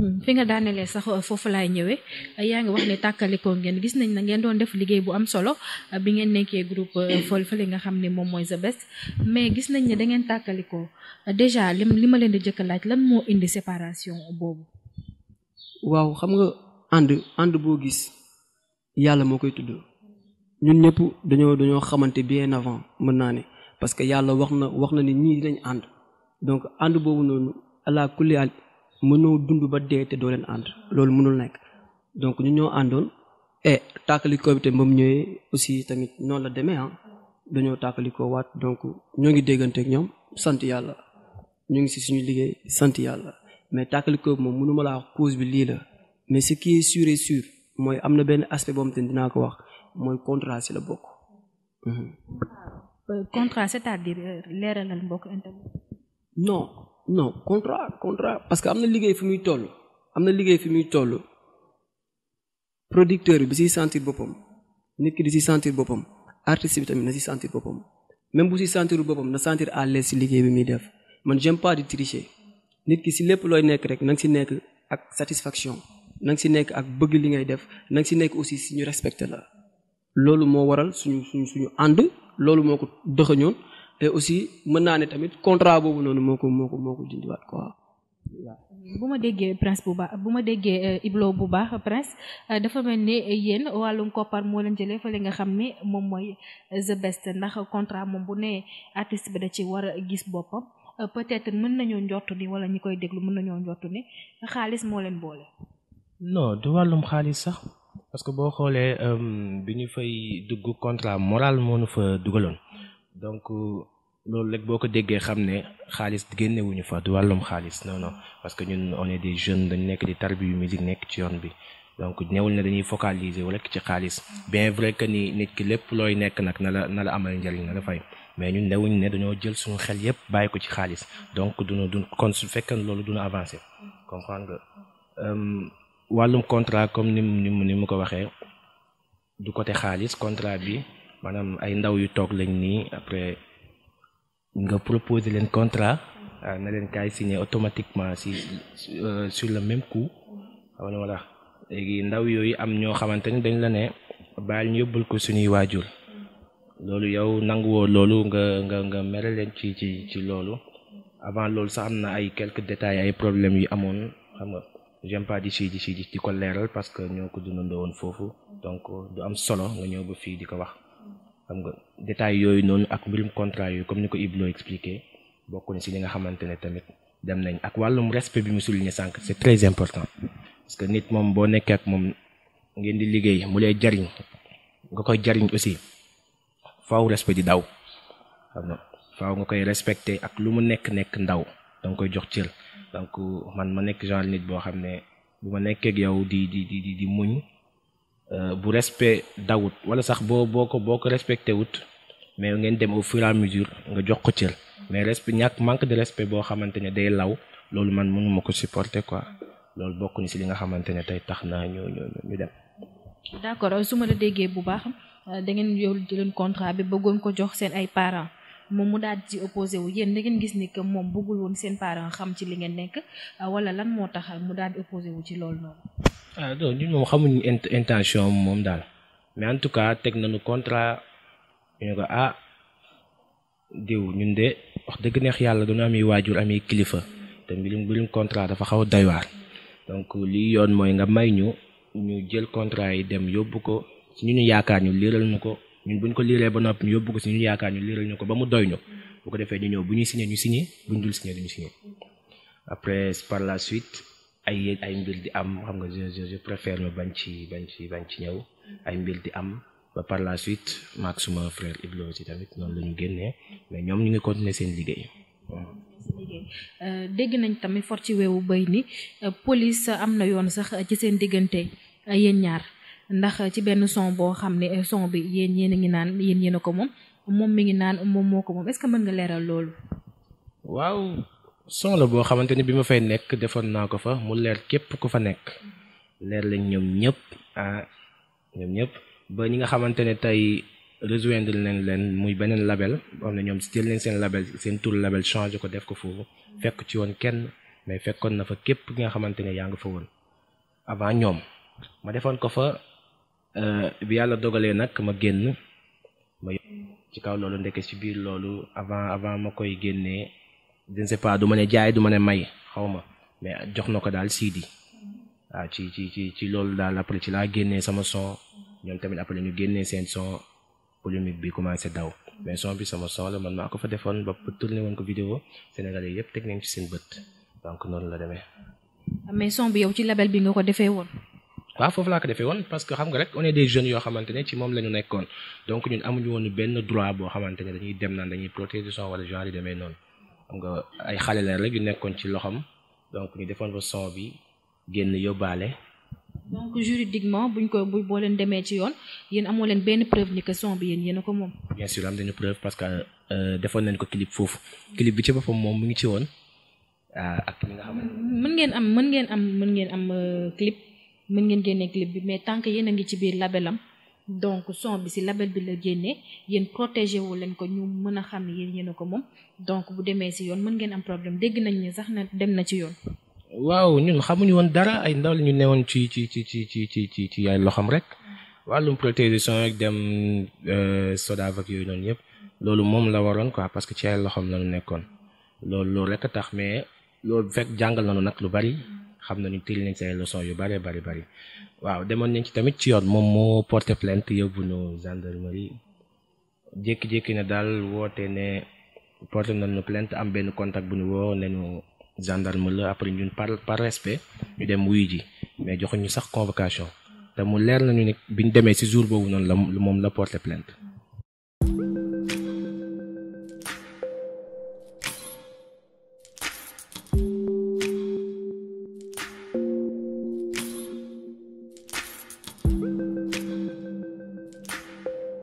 Mm-hmm. fi nga daanelee sax euh, foofu laay ñëwee euh, yaa ngi wax ne tàkkalikoo ngeen gis nañ na ngeen doon def liggéey bu am solo euh, bi ngeen nekkee groupe fol fële nga xam ne moom mooy sa Best mais gis nañ ne dangeen tàkkalikoo déjà lim li ma leen di jëkk laaj lan moo indi séparation boobu. waaw xam nga ànd ànd boo gis yàlla moo koy tudd ñun ñëpp dañoo dañoo xamante bien avant mën naa ne parce que yàlla wax na wax na ni ñii dinañ ànd donc ànd boobu noonu allah kulli mënoo dund ba dee te doo leen ànd mënul nekk donc ñu ñoo àndoon et tàkkalikoo bi te aussi tamit noonu la demee ah dañoo tàkkalikoo waat donc ñoo ngi dégganteeg ñoom sant yàlla ñu ngi si suñu liggéey sant yàlla mais tàkkalikoo bi moom mënuma cause bi mais ce qui est sûr et sûr mooy am na aspect boo ko wax contrat si la bokk. Mhm. Euh, contrat c'est-à-dire euh, non non contraire, contraire. parce que am na liggéey gens qui toll am na liggéey fi muy toll producteur bi senti sentir boppam nit ki di si sentir artiste bi tamit na si sentir boppam même si sentir boppam à l'aise si liggéey bi pas di tricher nit ki si rek na si ak satisfaction na nga si nekk ak bëgg li ngay def na nga si aussi si ñu respecté la loolu waral suñu suñu suñu ànd loolu moo et aussi mën naa ne tamit contrat boobu noonu moo ko moo ko moo ko dindiwaat quoi bu ma déggee prince bu baax bu ma déggee euh, Iblo bu baax prince euh, dafa mel ni yéen wàllum koppar moo leen jëlee fële nga xam ni moom mooy euh, the best ndax contrat moom bu nee artiste bi da ci war a gis boppam peut-être mën nañoo njortu ni wala ñi koy déglu mën nañoo njortu ni xaalis moo leen boole. non du wàllum xaalis sax parce que boo xoolee bi ñu fay dugg contrat moral moo nu fa dugaloon donc euh, loolu rek boo ko déggee xam ne xaalis génnewuñu fa du wàllum xaalis non non parce que ñun on est des jeunes dañu nekk di tarbiyu musique nekk ci yoon bi donc ñëwul ne dañuy focaliser wu rek ci xaalis bien vrai que ni nit ki lépp looy nekk nag na la na la amal njëriñ na la fay mais ñun newuñ ne dañoo jël suñu xel yépp bàyyi ko ci xaalis donc duñu du kon su fekkee loolu duñu avancer comprendre nga hum, wàllum contrat comme ni mu ni mu ko waxee du côté xaalis contrat bi manam ay ndaw yu toog lañ ni après nga proposer leen contrat ah, na leen kay signé automatiquement si euh, sur le même coup xam nga wala léegi ndaw yooyu am ñoo xamante ni dañ la ne baal ñu yóbbul ko suñuy waajur loolu yow nanguwoo loolu nga nga nga mere leen ci ci ci loolu avant loolu sax am na ay quelques détails ay problèmes yu amoon xam nga j'aime pas di si di si di ko leeral parce que ñoo ko dundandoo woon foofu donc euh, du am solo nga ñëw ba fii di ko wax xam nga détails yooyu noonu ak mbirum contrat yooyu comme ni ko ibno expliqué bokk na si li nga xamante ne tamit dem nañ ak wàllum respect bi mu souligné sànq c'est très important parce que nit moom boo nekkee ak moom ngeen di liggéey mu lay jariñ nga koy jariñ aussi faaw respect di daw xam nga faaw nga koy respecté ak lu mu nekk nekk ndaw da nga koy jox cër donc man ma nekk genre nit boo xam ne bu ma ak yow di di di di muñ euh, bu respect dawut wala sax boo boko mais ngeen dem au fur et à mesure nga jox ko mais respect ñak manque de respect bo xamante day law loolu man mënu supporter quoi bokku ni ci li nga d'accord suma la bu baax euh, da ngeen yow contrat bi bëggoon ko jox parents. moom mu daal ci opposé wu yéen da ngeen gis ni que moom bëggul woon seen parents xam ci li ngeen nekk wala lan moo tax mu daal di opposé ci loolu noonu. ah non ñun moom xamuñu intention moom daal mais en tout cas teg nañu contrat ñu ko ah diw ñun de wax dëgg neex yàlla dañu am waajur am kilifa te mbirum mbirum contrat dafa xaw a doy donc lii yoon mooy nga may ñu ñu jël contrat yi dem yóbbu ko ci ñu ñu yaakaar ñu liiral ñu ko. ñun buñ ko liiree ba noppi ñu yóbbu ko si ñu yaakaar ñu liiral ñu ko ba mu doy ñu bu ko defee ñu ñëw bu ñuy signé ñu signé buñ dul signé duñu après par la suite ay mbir di am xam nga je je préfère ñu bañ ci bañ ci bañ ci ñëw ay mbir ba par la suite maak suma frère Iblo aussi tamit noonu la ñu génnee mais ñoom ñu ngi continuer seen liggéey euh, dégg nañ tamit for ci weewu béy ni euh, police am na yoon sax ci seen diggante yéen ñaar ndax ci benn son boo xam ne euh, son bi yéen yéen a ngi naan yéen yéen a ko moom moom mi ngi naan moom moo ko moom est-ce que mën nga leeral loolu. waaw son la boo xamante ni bi ma fay nekk defoon naa ko fa mu leer képp ku fa nekk leer lañ ñoom ñëpp ah ñoom ñëpp ba ñi nga xamante ne tey rejoindre leen leen muy beneen label boo xam ne ñoom jël leen seen label seen tur label changé ko def ko foofu fekk ci woon kenn mais fekkoon na fa képp ki nga xamante ne yaa nga fa ñoom Euh, bi yàlla dogalee nag ma génn ma ci kaw loolu ndeke ci biir loolu avant avant ma koy génnee je ne pas du ma ne jaay du ma ne may xaw ma mais jox na ko daal Sidi waaw ah, ci ci ci ci loolu daal après ci laa génnee sama son ñoom tamit après ñu génnee seen son polémique bi commencé daw mais son bi sama son la man maa ko fa defoon ba tourné woon ko vidéo Sénégalais yëpp teg nañ ci seen bët donc noonu la demee. mais son bi yow ci label bi nga ko defee woon. waaw bah, foofu laa ko defee woon parce que xam nga rek on est des jeunes yoo xamante ne ci moom la ñu nekkoon donc ñun amuñu woon benn droit boo xamante ne dañuy dem naan dañuy protéger protection wala genre yi demee noonu xam nga ay xale la rek yu nekkoon ci loxam donc ñu defoon fa son bi génn yóbbaale. donc juridiquement buñ ko bu boo leen demee ci yoon yéen amoo leen benn preuve ni que son bi yéen yéen a ko moom. bien sûr am nañu preuve parce que euh, defoon nañ ko clip foofu clip bi ci boppam moom mu ngi ci woon euh, ak li nga xam. mën ngeen am mën ngeen am mën ngeen am euh, clip mën ngeen génne clip bi mais tant que yéen a ngi ci biir labelam donc son bi si label bi la génnee yéen protégé wu leen ko ñu mën a xam ne yéen yéen a ko moom donc bu demee si yoon mën ngeen am problème dégg nañ ni sax na dem na ci yoon. waaw ñun xamuñu woon dara ay ndaw ñu newoon ci ci ci ci ci ci ci ay loxam rek wàllum protection rek dem euh, soda ak yooyu noonu yëpp loolu moom la waroon quoi parce que ci ay loxam la ñu nekkoon loolu loolu rek a tax mais loolu fekk jàngal nañu nag lu bari xam de tëj nañ say leçon yu bari bari bari waaw demoon nañ ci tamit ci yoon porté plainte ñu gendarmerie na porté plainte am benn contact bu ñu woo ne gendarme la après par par respect ñu dem wuy ji mais sax convocation mu ne jour plainte